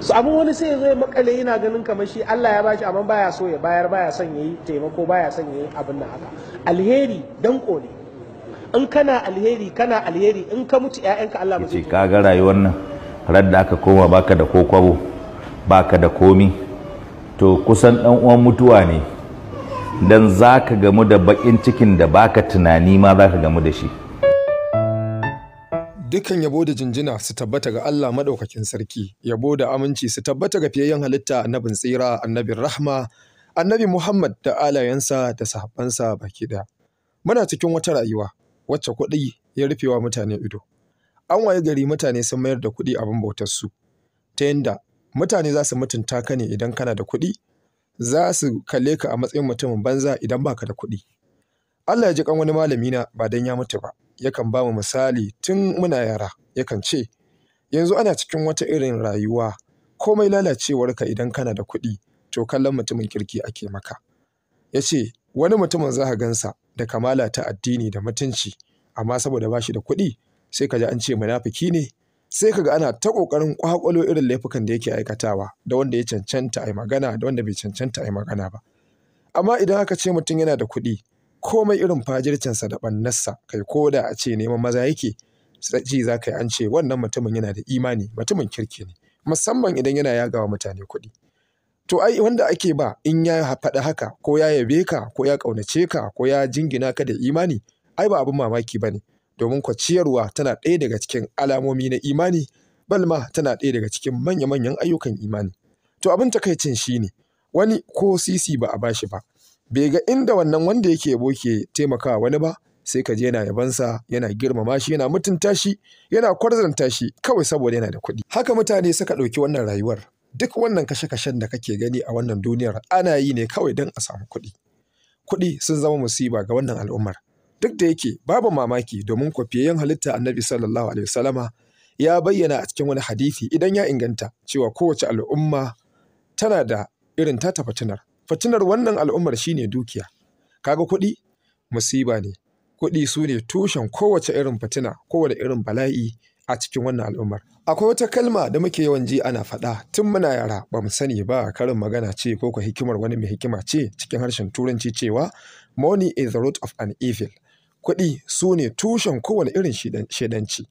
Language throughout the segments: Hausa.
su abu wani sai zai zo makale yana ganin kamar shi Allah ya bashi amma baya so ya bayar baya son yayi taimako baya son yayi abin nan haka alheri dan kone in kana alheri kana alheri in ka mutu ƴaƴanka Allah mutu ce ga rayuwar nan rada da aka koma baka da kokwabo baka da komi to kusan dan uwan mutuwa ne dan zaka gamu da bakin cikin da baka tunani ma zaka gamu da shi Dukkan yabo da jinjina su tabbata ga Allah maɗaukakin sarki, yabo da aminci su tabbata ga fiyayyen halitta annabin tsira, annabin rahma, annabi Muhammad da alayensa da sahabbansa baki ɗaya. Muna cikin wata rayuwa wacce kuɗi ya rufewa mutane ido. An waye gari mutane sun mayar da kuɗi abin bautar su, ta yanda mutane za su mutunta ka ne idan kana da kuɗi, za su kalle ka a matsayin mutumin banza idan baka da kuɗi. Allah ya ji kan wani malami na ba dan ya mutu ba. yakan ba mu misali tun muna yara yakan ce, yanzu ana cikin wata irin rayuwa komai lalacewar ka idan kana da kuɗi to kallon mutumin kirki ake maka. Ya ce wani mutumin za ka gansa da kamala ta addini da mutunci amma saboda ba shi da kuɗi sai ka ji an ce munafuki ne sai ka ga ana ta ƙoƙarin ƙwaƙwalo irin laifukan da yake aikatawa da wanda ya cancanta a yi magana da wanda bai cancanta a yi magana ba. Amma idan aka ce mutum yana da kuɗi komai irin fajircinsa da ɓannarsa kai ko da a ce neman maza yake ji za ka yi an ce wannan mutumin yana da imani mutumin kirki ne musamman idan yana yagawa mutane kuɗi to ai wanda ake ba in ya faɗi haka ko ya yabe ka ko ya ƙaunace ka ko ya jingina ka da imani ai ba abin mamaki ba ne domin kwaciyarwa tana ɗaya daga cikin alamomi na imani balma tana ɗaya daga cikin manya-manyan ayyukan imani to abin takaicin shine wani ko sisi ba a bashi ba bai ga inda wannan wanda yake yabo ke taimakawa wani ba sai ka je yana yabansa yana girmama shi yana mutunta shi yana kwarzanta shi kawai saboda yana da kuɗi haka mutane suka ɗauki wannan rayuwar duk wannan kashe-kashen da kake gani a wannan duniyar ana yi ne kawai don a samu kuɗi kuɗi sun zama musiba ga wannan al'ummar duk da yake babu mamaki domin kwafiyayyen halitta annabi sallallahu alaihi wasallama ya bayyana a cikin wani hadisi idan ya inganta cewa kowace al'umma tana da irin tata fitinar fitinar wannan al'ummar shine dukiya kaga kuɗi musiba ne kuɗi su ne tushen kowace irin fitina kowane irin bala'i a cikin wannan al'ummar akwai wata kalma da muke yawan ji ana faɗa tun muna yara ba mu sani ba karin magana ce ko ko hikimar wani mai hikima ce cikin harshen turanci cewa money is the root of an evil kuɗi su ne tushen kowane irin shedanci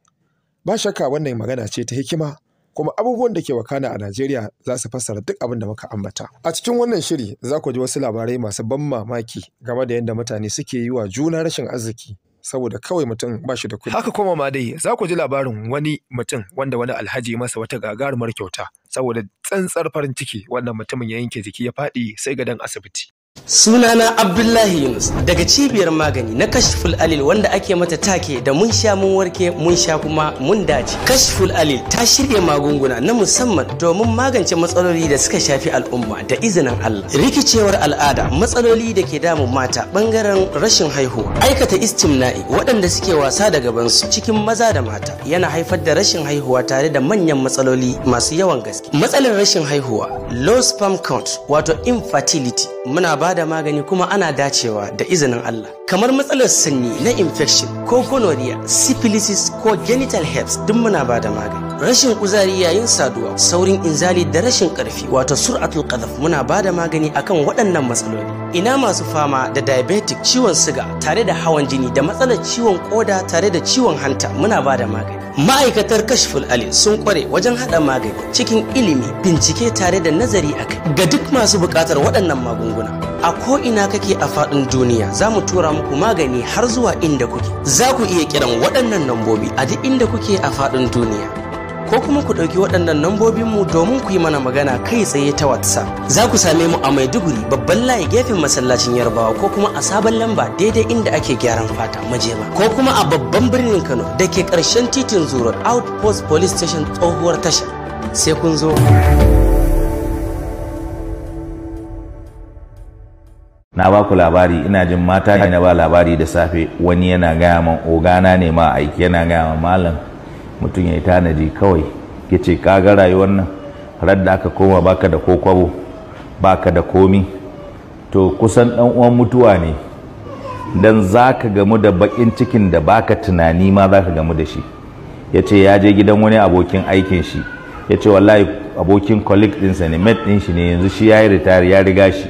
ba shakka wannan magana ce ta hikima kuma abubuwan da ke wakana a Najeriya za su fassara duk abin da muka ambata. A cikin wannan shiri za ku ji wasu labarai masu ban mamaki game da yadda mutane suke yi wa juna rashin arziki saboda kawai mutum ba shi da kuɗi. Haka kuma ma dai za ku ji labarin wani mutum wanda wani alhaji masa wata gagarumar kyauta saboda tsantsar farin ciki wannan mutumin ya yanke jiki ya faɗi sai gadon asibiti. Sunana Abdullahi Yunus daga cibiyar magani na Kashful Alil wanda ake mata take da mun sha mun warke mun sha kuma mun dace. Kashful Alil ta shirya magunguna na musamman domin magance matsaloli da suka shafi al'umma da izinin Allah. Rikicewar al'ada matsaloli da ke damun mata bangaren rashin haihuwa. Aikata istimna'i waɗanda suke wasa da gabansu cikin maza da mata yana haifar da rashin haihuwa tare da manyan matsaloli masu yawan gaske. Matsalar rashin haihuwa low sperm count wato infertility muna ba da magani kuma ana dacewa da izinin Allah. Kamar matsalar sanyi na infection ko gonorrhea, syphilis ko genital herpes duk muna ba da magani. rashin kuzari yayin saduwa saurin inzali da rashin karfi wato sur'atul qadhaf muna bada magani akan waɗannan matsaloli ina masu fama da diabetic ciwon siga tare da hawan jini da matsalar ciwon koda tare da ciwon hanta muna bada magani ma'aikatar kashful ali sun kware wajen hada magani cikin ilimi bincike tare da nazari a kai. ga duk masu bukatar waɗannan magunguna a ko ina kake a faɗin duniya za mu tura muku magani har zuwa inda kuke za ku iya kiran waɗannan lambobi a duk inda kuke a faɗin duniya ko kuma ku ɗauki waɗannan mu domin ku yi mana magana kai tsaye ta WhatsApp. Za ku same mu a Maiduguri babban layi gefen masallacin Yarbawa ko kuma a sabon lamba daidai inda ake gyaran fata majema ko kuma a babban birnin Kano da ke ƙarshen titin Zuro Outpost Police Station tsohuwar tasha. Sai kun zo. na ba ku labari ina jin mata na ba labari da safe wani yana gaya man ogana ne ma aiki yana gaya man malam mutum ya yi tanadi kawai ya ce kaga rayuwar nan ran da aka koma baka da kokwabo baka da komi to kusan dan uwan mutuwa ne dan za ka gamu da bakin cikin da baka tunani ma za ka gamu da shi ya ce ya je gidan wani abokin aikin shi ya ce wallahi abokin colleague dinsa ne mate din shi ne yanzu shi ya yi ritari ya riga shi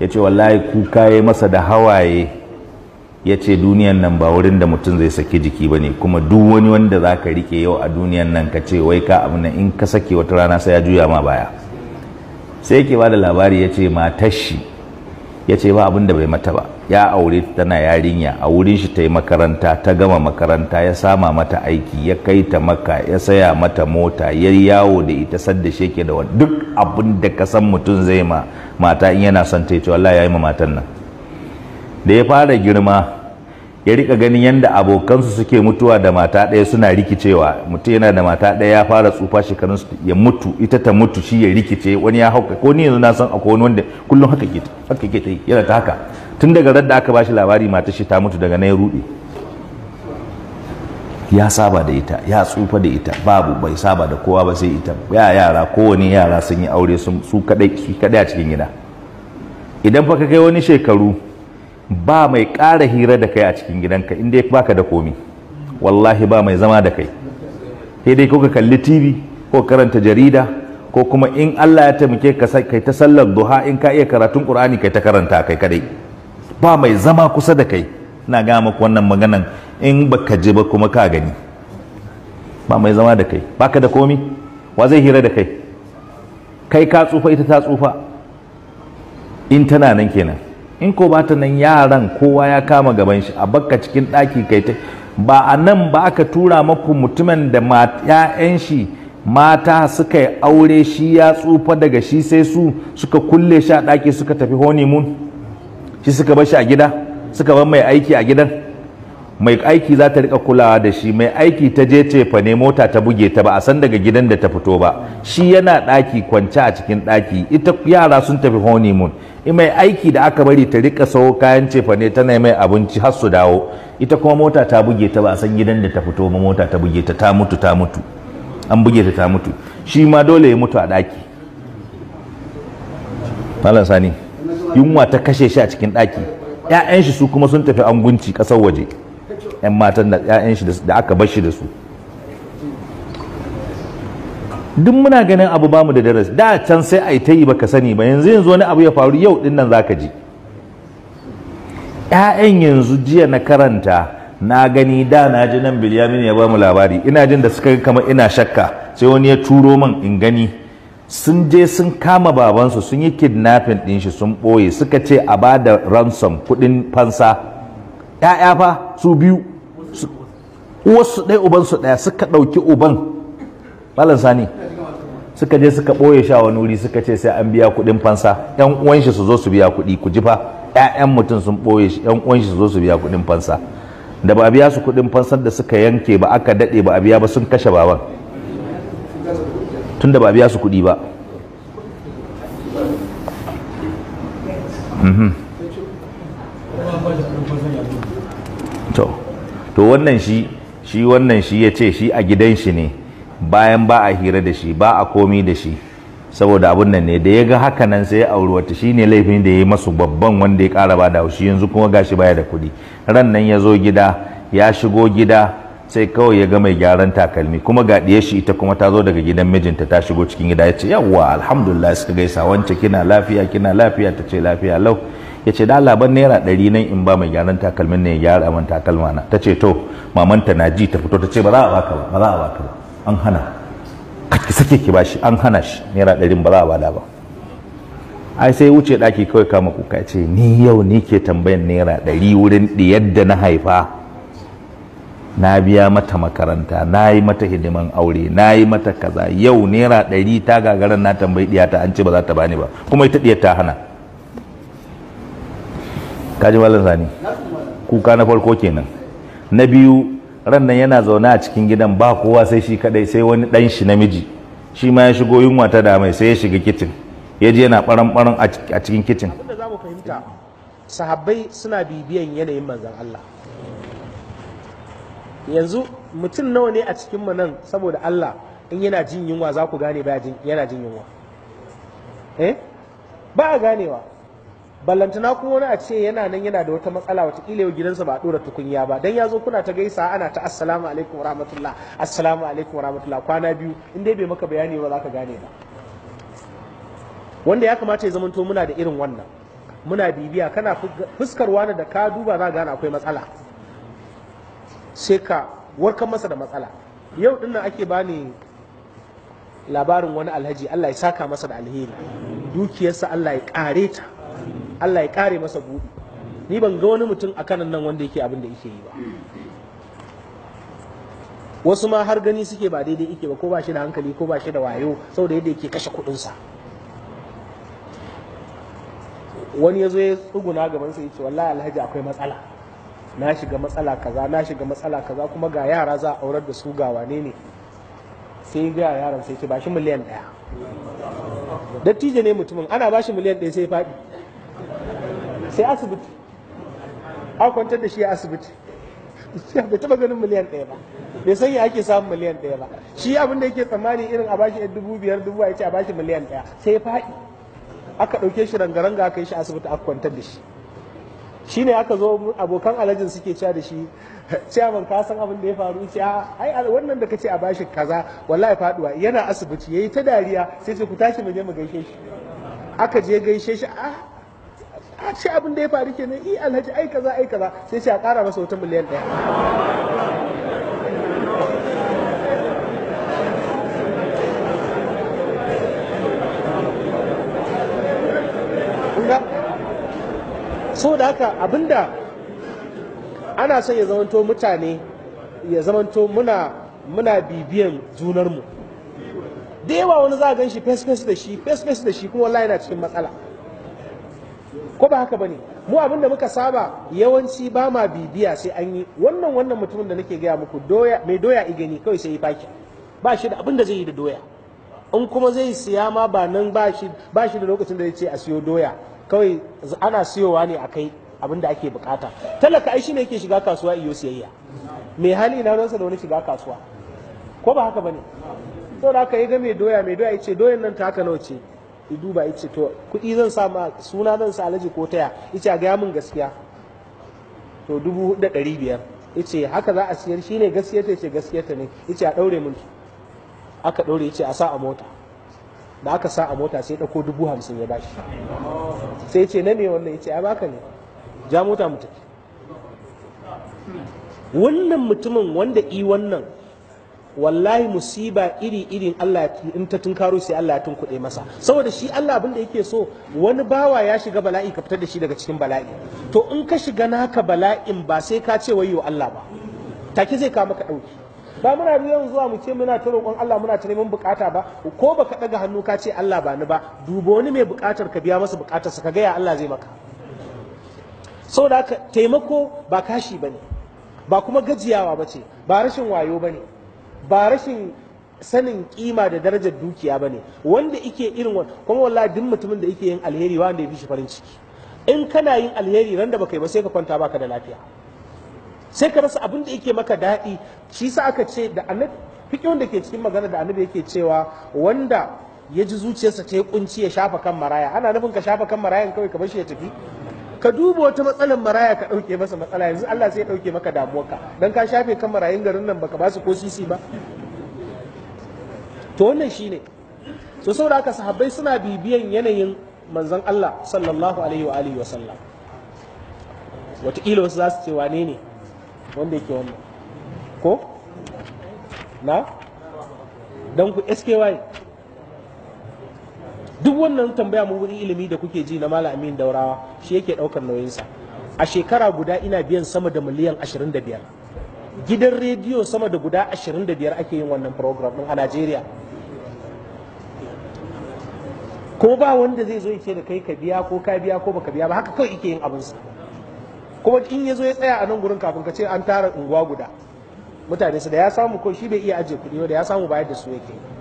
ya ce wallahi kuka ya masa da hawaye ya ce duniyan nan ba wurin da mutum zai saki jiki ba ne kuma duk wani wanda za ka rike yau a duniyan nan ka ce wai ka abu in ka sake wata rana sai ya juya ma baya sai yake ba da labari ya ce matar shi ya ce ba abin da bai mata ba ya aure tana yarinya a wurin shi ta yi makaranta ta gama makaranta ya sama mata aiki ya kai ta maka ya saya mata mota ya yawo da ita sadda sheke da wani duk abin da ka san mutum zai ma mata in yana son ta yi ce wallahi ya yi ma matan nan da ya fara girma ya rika ganin yadda abokansu suke mutuwa da mata ɗaya suna rikicewa mutum yana da mata ɗaya ya fara tsufa shekarun ya mutu ita ta mutu shi ya rikice wani ya hauka ko ni yanzu na san akwai wani wanda kullum haka ke haka ke tai yana ta haka tun daga ran da aka bashi labari mata shi ta mutu daga na ya rude ya saba da ita ya tsufa da ita babu bai saba da kowa ba sai ita ya yara kowane yara sun yi aure su kadai su kadai a cikin gida idan fa ka kai wani shekaru ba mai ƙara hira da kai a cikin gidanka inda ya baka da komi wallahi ba mai zama da kai sai dai ko ka kalli tv ko karanta jarida ko kuma in allah ya taimake ka kai ta sallar duha in ka iya karatun qur'ani kai ta karanta kai kadai ba mai zama kusa da kai na gaya wannan maganan in baka je ba kuma ka gani ba mai zama da kai baka da komi wa zai hira da kai kai ka tsufa ita ta tsufa in tana nan kenan in ko ba ta nan yaran kowa ya kama gaban shi a baka cikin ɗaki kai ta ba a nan ba aka tura maku mutumin da ‘ya'yan shi mata suka yi aure shi ya tsufa daga shi sai su suka kulle shi a ɗaki suka tafi honeymoon shi suka bar shi a gida suka bar mai aiki a gidan mai aiki za ta rika kulawa da shi mai aiki ta je cefa ne mota ta buge ta ba a san daga gidan da ta fito ba shi yana daki kwance a cikin daki. ita yara sun tafi honeymoon mai aiki da aka bari ta rika sau kayan cefa ne tana mai abinci har su dawo ita kuma mota ta buge ta ba a san gidan da ta fito ba mota ta buge ta ta mutu ta mutu an buge ta ta mutu shi ma dole ya mutu a daki. malam sani yunwa ta kashe shi a cikin daki. 'ya'yan shi su kuma sun tafi angunci ƙasar waje 'yan matan da 'ya'yan shi da aka bar shi da su duk muna ganin abu bamu da darasi da can sai a yi ta yi baka sani ba yanzu yanzu wani abu ya faru yau din nan zaka ji ƴaƴan yanzu jiya na karanta na gani da na ji nan Bilyamin ya bamu labari ina jin da suka kama ina shakka sai wani ya turo min in gani sun je sun kama babansu sun yi kidnapping din shi sun ɓoye suka ce a ba da ransom kuɗin fansa ƴaƴa fa su biyu wasu ɗaya ubansu ɗaya suka ɗauki uban malam sani suka je suka ɓoye sha wani wuri suka ce sai an biya kuɗin fansa Ƴan uwan shi su zo su biya kuɗi ku ji fa ƴaƴan mutum sun ɓoye shi ƴan uwan shi su zo su biya kuɗin fansa da ba biya su kuɗin fansar da suka yanke ba aka daɗe ba a biya ba sun kashe baban tun da ba biya su kuɗi ba mhm. to wannan shi shi wannan shi ya ce shi a gidan shi ne bayan ba a hira da shi ba a komi da shi saboda abun nan ne da ya ga haka nan sai ya auri wata shi ne laifin da ya yi masu babban wanda ya kara ba da haushi yanzu kuma gashi baya da kuɗi ran nan ya zo gida ya shigo gida sai kawai ya ga mai gyaran takalmi kuma ga ɗiyar shi ita kuma ta zo daga gidan mijinta ta shigo cikin gida ya ce yawwa alhamdulillah suka gaisa wance kina lafiya kina lafiya ta ce lafiya lau ya ce da labar naira ɗari nan in ba mai gyaran takalmin ne ya gyara man takalma na ta ce to mamanta na ji ta fito ta ce ba za a baka ba ba za a baka ba an hana ki sake ki bashi an hana shi naira ɗarin ba za a bada ba ai sai wuce ɗaki kawai kama kuka ce ni yau ni ke tambayan naira ɗari wurin ɗiyar da na haifa na biya mata makaranta na yi mata hidiman aure na yi mata kaza yau naira ɗari ta gagarar na tambayi ɗiyata an ce ba za ta bani ba kuma ita ɗiyar ta hana kaji malam sani kuka na farko kenan na biyu ran nan yana zaune a cikin gidan ba kowa sai shi kadai sai wani dan shi namiji shi ma ya shigo yunwa ta damai sai ya shiga kicin ya je yana baran baran a cikin kicin abinda zamu fahimta sahabbai suna bibiyan yanayin manzon Allah yanzu mutum nawa ne a cikin mu nan saboda Allah in yana jin yunwa za ku gane yana jin yunwa eh ba ganewa ballantana kuma wani a ce yana nan yana da wata matsala watakila yau gidansa ba a dora tukunya ba dan ya zo kuna ta gaisa ana ta assalamu alaikum rahmatullah assalamu alaikum rahmatullah kwana biyu in dai bai maka bayani ba za ka gane ba wanda ya kamata ya zamanto muna da irin wannan muna bibiya kana fuskar wani da ka duba za gane akwai matsala sai ka warkar masa da matsala yau dinnan ake bani labarin wani alhaji Allah ya saka masa da alheri dukiyarsa Allah ya kare ta Allah ya kare masa buɗi ni ban ga wani mutum a kanan nan wanda yake abin da yake yi ba wasu ma har gani suke ba daidai yake ba ko ba shi da hankali ko ba shi da wayo saboda yadda yake kashe kuɗinsa wani ya zo ya tsuguna gaban sa yace wallahi alhaji akwai matsala na shiga matsala kaza na shiga matsala kaza kuma ga yara za a aurar da su ga wane ne sai ga yaran sai ce ba shi miliyan ɗaya dattijo ne mutumin ana ba shi miliyan ɗaya sai faɗi sai asibiti a kwantar da shi a asibiti bai taba ganin miliyan ɗaya ba bai san ya ake samun miliyan ɗaya ba shi abin da yake tsammani irin a bashi dubu biyar dubu a ce a bashi miliyan ɗaya sai ya faɗi aka ɗauke shi rangaranga aka yi shi asibiti aka kwantar da shi shi ne aka zo abokan alajin suke cewa da shi ciyaman ka san abin da ya faru ce ah, ai wannan da kace a bashi kaza wallahi faduwa yana asibiti yayi ta dariya sai sai ku tashi mu je mu gaishe shi aka je gaishe shi ah a ce abin da ya faru kenan i eh, alhaji ai kaza ai kaza sai ce a kara masa wata miliyan ɗaya so da haka abinda ana son ya zamanto mutane ya zamanto muna muna bibiyan junarmu da yawa wani za a gan shi face face da shi face face da shi kuma wallahi yana cikin matsala ko ba haka bane mu abin da muka saba yawanci ba ma bibiya sai an yi wannan wannan mutumin da nake gaya muku doya mai doya igani kawai sai yi faki ba shi da abin da zai yi da doya in kuma zai siya ma ba nan ba shi ba shi da lokacin da yace ce a siyo doya kawai ana siyowa ne a kai abin da ake bukata talaka ai shine yake shiga kasuwa iyo siyayya mai hali na ransa da wani shiga kasuwa ko ba haka bane saboda aka yi ga mai doya mai doya ya ce doyan nan ta haka nawa ce ya duba ya ce to kuɗi zan sa ma suna zan sa alaji ko taya ya ce a gaya min gaskiya to dubu da ɗari biyar ya ce haka za a siyar shine gaskiyarta ya ce gaskiyarta ne ya ce a ɗaure min aka ɗaure ya ce a sa a mota da aka sa a mota sai ɗauko dubu hamsin ya bashi sai ya ce na ne wannan ya ce a baka ne ja mota mu tafi wannan mutumin wanda i wannan wallahi musiba iri irin Allah in ta tunkaro sai Allah ya tunkuɗe masa saboda shi Allah abin da yake so wani bawa ya shiga bala'i ka fitar da shi daga cikin bala'i to in ka shiga naka bala'in ba sai ka ce wayo Allah ba take zai ka maka ɗauki ba muna biyan zuwa mu ce muna ta roƙon Allah muna ta neman bukata ba ko baka ɗaga hannu ka ce Allah ba ni ba duba wani mai bukatar ka biya masa sa ka gaya Allah zai maka saboda haka taimako ba kashi bane ba kuma gajiyawa bace ba rashin wayo bane ba rashin sanin kima da darajar dukiya ba ne wanda ike irin wani kuma wallahi duk mutumin da yake yin alheri wanda ya fi shi farin ciki in kana yin alheri ran da baka yi ba sai ka kwanta baka da lafiya sai ka rasa abin da yake maka daɗi shi sa aka ce da annabi fikin da ke cikin magana da annabi yake cewa wanda ya ji zuciyarsa ta yi kunci ya shafa kan maraya ana nufin ka shafa kan marayan kawai ka bar shi ya tafi ka duba wata matsalar maraya ka ɗauke masa matsala yanzu Allah sai ya ɗauke maka damuwarka don ka shafe kan marayin garin nan baka ba su ko sisi ba to wannan ne so saboda haka sahabbai suna bibiyan yanayin manzon Allah sallallahu alaihi wa alihi wa sallam wataƙila wasu za su ce wane ne wanda yake wannan ko na don ku SKY duk wannan tambaya mu wurin ilimi da kuke ji na malam amin daurawa shi yake daukar nauyinsa a shekara guda ina biyan sama da miliyan 25 gidan rediyo sama da guda 25 ake yin wannan program din a Najeriya ko ba wanda zai zo ya ce da kai ka biya ko ka biya ko baka biya ba haka kawai yake yin abinsa kuma in ya zo ya tsaya a nan gurin kafin ka ce an tara unguwa guda mutane su da ya samu ko shi bai iya ajiye kuɗi da ya samu bayar da su yake yi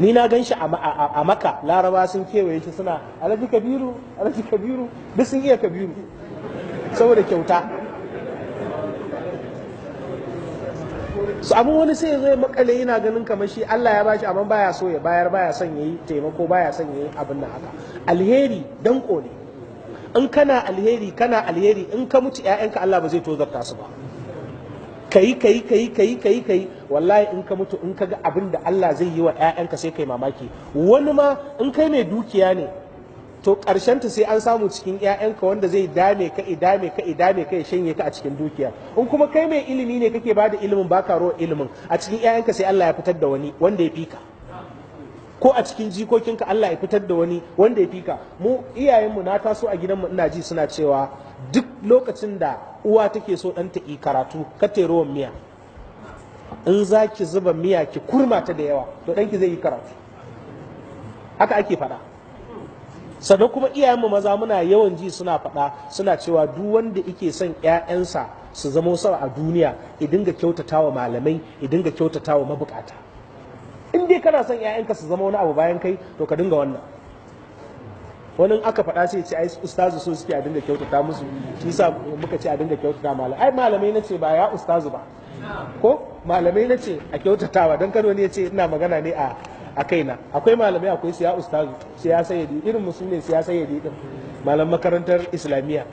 ni na gan shi a maka laraba sun kewaye shi suna alaji kabiru alaji kabiru duk sun iya kabiru saboda kyauta su abin wani sai zai makale yana ganin kamar shi Allah ya bashi amma baya so ya bayar baya son yayi taimako baya son yayi abin nan haka alheri dan ne in kana alheri kana alheri in ka mutu 'ya'yanka Allah ba zai tozarta su ba kai kai kai kai kai kai wallahi in ka mutu in ka ga abin da Allah zai yi wa ƴaƴanka sai kai mamaki wani ma in kai mai dukiya ne to ƙarshen ta sai an samu cikin ƴaƴanka wanda zai dame ka idame ka idame ka ya shanye ka a cikin dukiya in kuma kai mai ilimi ne kake bada ilimin baka ruwa ilimin a cikin ƴaƴanka sai Allah ya fitar da wani wanda ya fika ko a cikin jikokinka Allah ya fitar da wani wanda ya fika mu iyayenmu na taso a gidanmu ina ji suna cewa duk lokacin da uwa take so ɗanta yi karatu ka ruwan miya in za ki zuba miya ki kurma ta da yawa to ɗanki zai yi karatu haka ake faɗa sannan kuma iyayenmu maza muna yawan ji suna faɗa suna cewa duk wanda ike son 'ya'yansa su zama wasu a duniya idinga kyautatawa malamai idinga kyautatawa mabukata in dai kana son ƴaƴanka su zama wani abu bayan kai to ka dinga wannan wani aka faɗa sai ce ai ustazu so suke a dinga kyautata musu shi sa muka ce a dinga kyautata malamai ai malamai na ce ba ya ustazu ba ko malamai na ce a kyautatawa don kano ne ce ina magana ne a a kaina akwai malamai akwai siya ustazu siya sayyadi irin musu ne siya sayyadi din malam makarantar islamiyya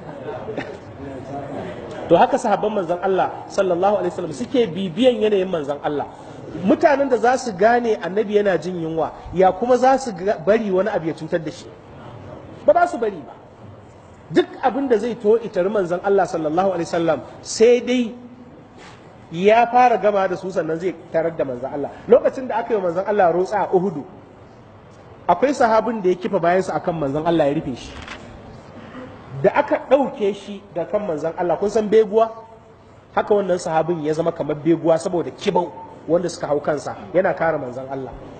to haka sahabban manzon Allah sallallahu alaihi wasallam suke bibiyan yanayin manzon Allah mutanen da za su gane annabi yana jin yunwa ya kuma za su bari wani abu ya cutar da shi ba za su bari ba duk abin da zai to itari manzon Allah sallallahu alaihi wasallam sai dai ya fara gama da su sannan zai tarar da manzon Allah lokacin da aka yi manzon Allah rotsa a Uhudu akwai sahabin da ya kifa su akan manzon Allah ya rufe shi da aka ɗauke shi da kan manzon Allah kun san beguwa haka wannan sahabin ya zama kamar beguwa saboda kibau wanda suka hau kansa yana kare manzon Allah